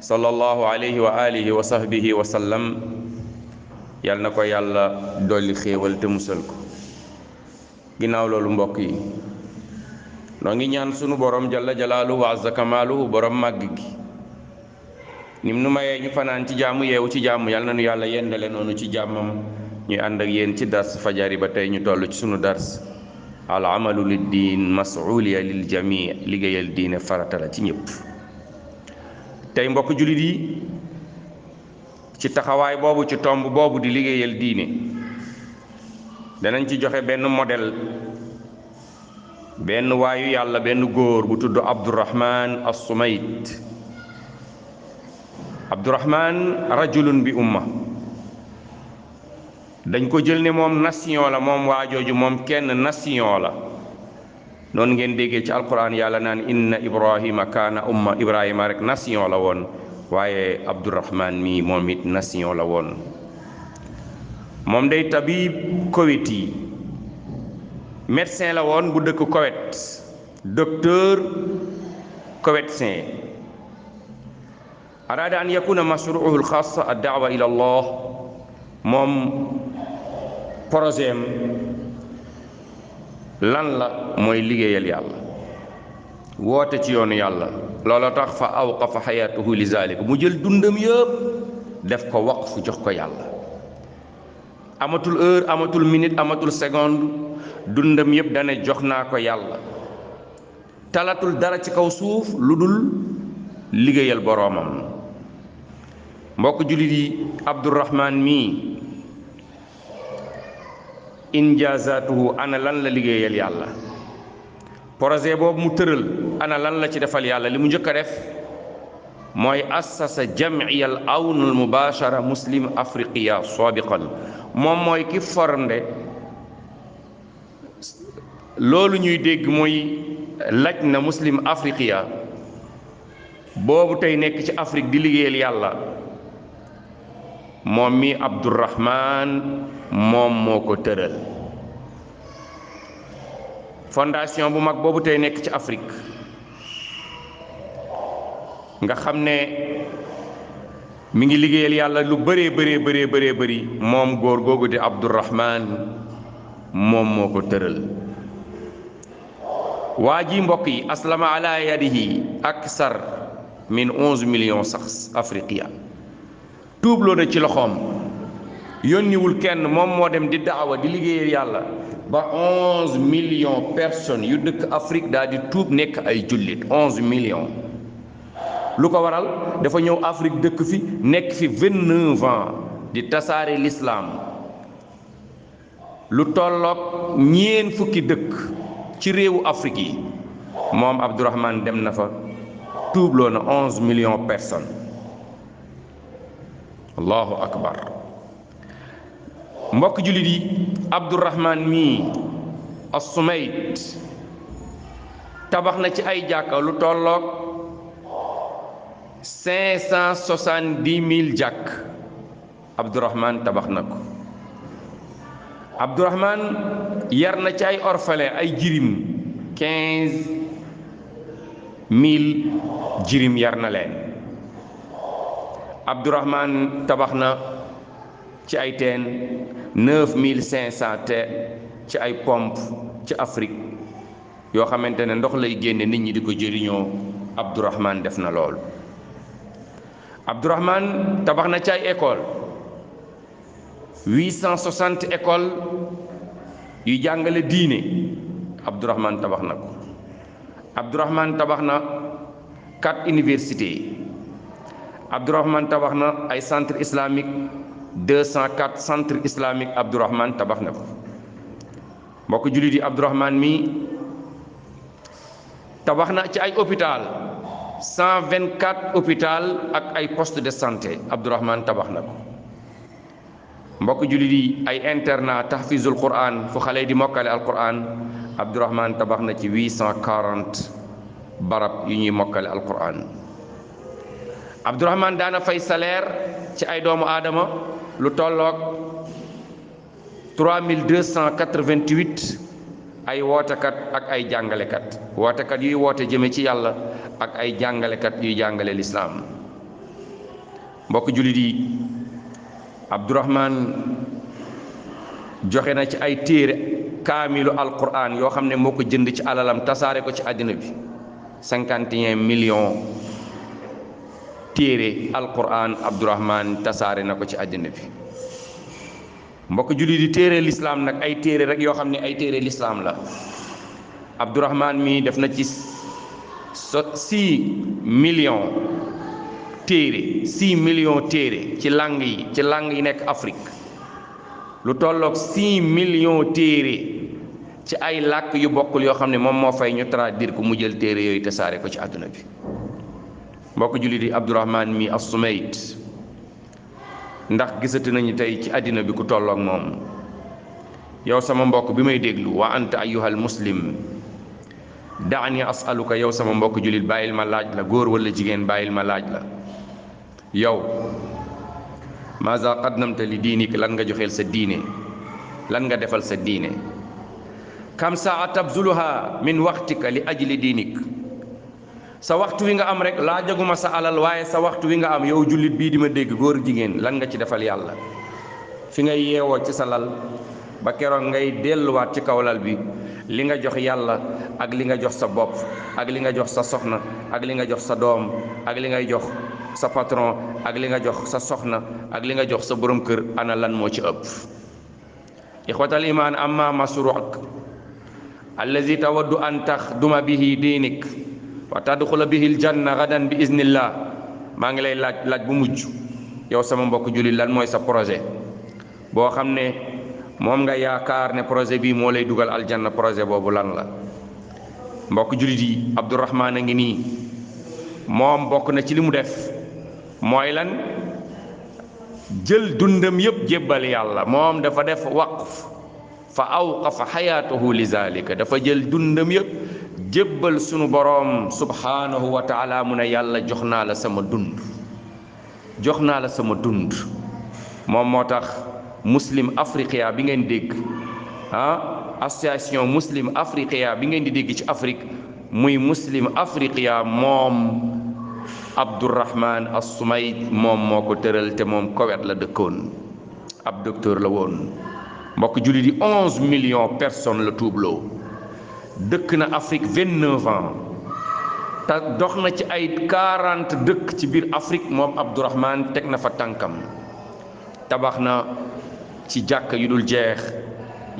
sallallahu alayhi wa alihi wa sahbihi wa sallam yal na ko yàlla dolli xéewal te musal ko ginnaaw loolu mbokk yi noo ngi ñaan sunu boroom jalla jalaaluhu wa azza borom màgg gi nim nu mayee ñu fanaan ci jàmm yeewu ci jaamu yal na nu yàlla yendale noonu ci jàmmam ñuy ànd ak yéen ci dars fajari ba tey ñu toll ci sunu dars al amalu lid diin masuuliya lil jamii liggéeyal diine farata la ci ñëpp tey mbokk jullit yi ci taxawaay boobu ci tomb boobu di liggéeyal diine danañ ci joxe benn modèle benn waayu yàlla benn góor bu tudd Abdurrahman as-Sumayt Abdurrahman rajulun bi umma dañ ko jël ne moom nation la moom waa jooju moom kenn nation la noonu ngeen déggee ci alquran yàlla naan inna ibrahima kaana umma ibrahima rek nation la woon waaye abdourahman mi moom it nation la woon moom day tabib kowet yi médecin la woon bu dëkk kowet docteur kowetien araada an yakuna mashruuhu alxaas ad daawa ila moom projet lan la mooy liggéeyal yàlla woote ci yoonu yàlla looloo tax fa awqafa xayaatuhu li zalika mu jël dundam yëpp def ko fu jox ko yàlla amatul heure amatul minute amatul seconde dundam yëpp dane jox naa ko yàlla talatul dara ci kaw suuf lu dul liggéeyal boroomam mbokk jullit yi Abdurahmaan mii injaazaatuhu ana lan la liggéeyal yàlla projet boobu mu tëral ana lan la ci defal yàlla li mu njëkk a def mooy assasa jamiyal awnul mubashara muslim afriqiya soobiqan moom mooy ki formde loolu ñuy dégg muy laj na muslim afriqiya boobu tey nekk ci Afrique di liggéeyal yàlla moom mi Abdourahman moom moo ko tëral fondation bu mag boobu tey nekk ci Afrique nga xam ne mu ngi liggéeyal yàlla lu bëree bëree bëree bëree bëri moom góor googu di Abdourahman moom moo ko tëral waa ji mbokk yi aslama ala yadihi aksar min onze million sax afriqiya tuubloo na ci loxoom yónniwul kenn moom moo dem di daawa di liggéeyal yàlla ba onze millions personnes yu dëkk Afrique daal di tuub nekk ay jullit onze millions lu ko waral dafa ñëw afrig dëkk fi nekk fi vingt-neuf di tasaare lislaam lu tolloog ñeen fukki dëkk ci réewu Afrique yi moom Abdourahman dem na fa tuubloo na onze millions allahu akbar mbokk jullit yi abdourahman mii assumayt tabax na ci ay jàkka lu tolloog cinq cent mille jàkk abdourahman tabax na ko abdourahman yar na ci ay orfale ay jirim quinze jirim yar na leen Abdourahman tabax na ci ay teen 9500 teen ci ay pompe ci Afrique yoo xamante ne ndox lay génne nit ñi di ko jëriñoo Abdourahman def na loolu Abdourahman tabax na ci ay école 860 école yu jàngale diine Abdourahman tabax na ko Abdourahman tabax na quatre universités Abdourahmane tabax na ay centre islamique 204 centre islamique Abdourahmane tabax na ko mbokk jullit yi Abdourahmane mi tabax na ci ay hôpital 124 hôpital ak ay poste de santé Abdourahmane tabax na ko mbokk jullit yi ay internat tahfizul quran fu xale di mokkale al quran Abdourahmane tabax na ci 840 barab yu ñuy mokkale al quran Abdourahman daana fay saleer ci ay doomu aadama lu tolloog 3288 ay wootekat ak ay jàngalekat wootekat yuy woote jëme ci yàlla ak ay jàngalekat yuy jàngale lislaam mbokk jullit yi Abdourahman joxe na ci ay téere kaamilu alquran yoo xam ne moo ko jënd ci alalam tasaare ko ci àddina bi 51 millions téere alquran Abdourahman tasaare na ko ci àddina bi mbokk jullit yi téere lislaam nag ay téere rek yoo xam ne ay téere lislaam la Abdourahman mi def na ci so six millions téere six millions téere ci langue yi ci langue yi nekk Afrique lu tolloog six millions téere ci ay làkk yu bokkul yoo xam ne moom moo fay ñu traduire ko mu jël téere yooyu tasaare ko ci àdduna bi mbokk jullit yi Abdourahman mi as-Sumayt ndax gisatu nañu tey ci àddina bi ku tolloog moom yow sama mbokk bi may déglu wa anta ayyuhal muslim daani asaluka yow sama mbokk jullit bàyyil ma laaj la góor wala jigéen bàyyil ma laaj la yow maza qaddamta li diinik lan nga joxeel sa diine lan nga defal sa diine kam saa tabzuluha min waxtika li ajli diinik sa waxtu wi nga am rek laa jaguma sa alal waaye sa waxtu wi nga am yow jullit bii di ma dégg góor jigéen lan nga ci defal yàlla fi ngay yeewoo ci sa lal ba keroog ngay delluwaat ci kaw lal bi li nga jox yàlla ak li nga jox sa bopp ak li nga jox sa soxna ak li nga jox sa doom ak li ngay jox sa patron ak li nga jox sa soxna ak li nga jox sa borom kër ana lan moo ci ëpp ixwatal imaan amma masruuk allazi tawaddu an tax duma bihi diinik wa tadxula bihil janna gadan bi iznillah maa ngi lay laaj laaj bu mujj yow sama mbokk jullit lan mooy sa projet boo xam ne moom nga yaakaar ne projet bii moo lay dugal aljanna projet boobu lan la mbokk jullit yi Abdourahman a ngi nii moom bokk na ci li mu def mooy lan jël dundam yépp jébbal yàlla moom dafa def waqf fa awqafa xayaatahu li zalika dafa jël dundam yépp jébbal sunu boroom subhaanahu wa taala mu ne yàlla jox naa la sama dund jox naa la sama dund moom moo tax muslim afriqiya bi ngeen dégg ah association muslim afriqiya bi ngeen di dégg ci Afrique muy muslim afriqiya moom Abdourahman As-Soumaïd moom moo ko tëral te moom kowet la dëkkoon ab docteur la woon mbokk jullit yi 11 millions personnes la tuubloo. dëkk na Afrique vingt neuf ans te dox na ci ay quarante dëkk ci biir Afrique moom Abdourahman teg na fa tànkam tabax na ci jàkk yu dul jeex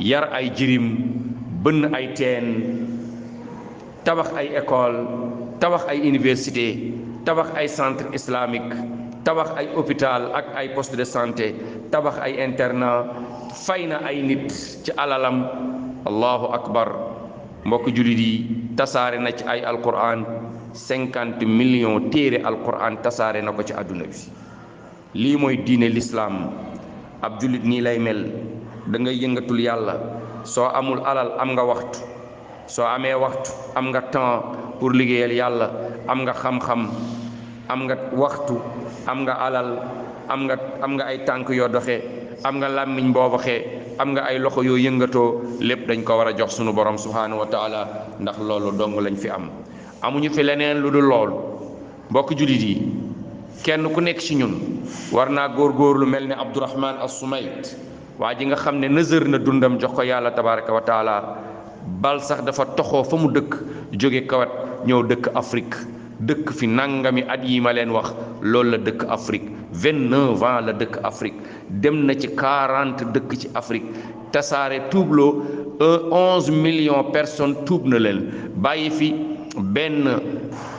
yar ay jirim bënn ay teen tabax ay école tabax ay université tabax ay centre islamique tabax ay hôpital ak ay poste de santé tabax ay internat fay na ay nit ci alalam allahu akbar mbokk jullit yi tasaare na ci ay alquran cinquante millions téere alquran tasaare na ko ci àdduna bi lii mooy diine lislaam ab jullit nii lay mel dangay nga yëngatul yàlla soo amul alal am nga waxtu soo amee waxtu am nga temps pour liggéeyal yàlla am nga xam-xam am nga waxtu am nga alal am nga am nga ay tànk yoo am nga làmmiñ boo am nga ay loxo yoo yëngatoo lépp dañ ko war a jox sunu borom subhaanahu wa taala ndax loolu dong lañ fi am amuñu fi leneen lu dul lool mbokk jullit yi kenn ku nekk ci ñun war naa góor góorgóorlu mel ne Abdourahman as-Sumayt waa ji nga xam ne nësër na dundam jox ko yàlla tabaraka wa taala bal sax dafa toxoo fa mu dëkk jóge kawat ñëw dëkk Afrique dëkk fi nangami at yi ma leen wax loolu la dëkk Afrique vingt-neuf ans la dëkk Afrique dem na ci quarante dëkk ci Afrique tasaare tuubloo un million millions personnes tuub na leen bàyyi fi benn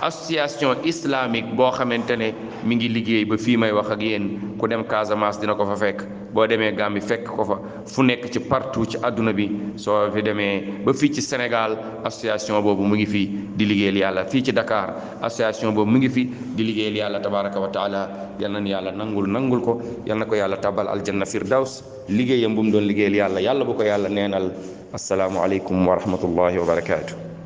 association islamique boo xamante ne mi ngi liggéey ba fii may wax ak yéen ku dem Casamance dina ko fa fekk boo demee Gambie fekk ko fa fu nekk ci partout ci àdduna bi soo fi demee ba fii ci Sénégal association boobu mu ngi fii di liggéeyal yàlla fii ci Dakar association boobu mu ngi fi di liggéeyal yàlla tabaraka wa taala yal nañu yàlla nangul nangul ko yal na ko yàlla tabal aljanna firdaws liggéeyam bu mu doon liggéeyal yàlla yàlla bu ko yàlla neenal asalaamualeykum wa rahmatullahi wa barakaatu.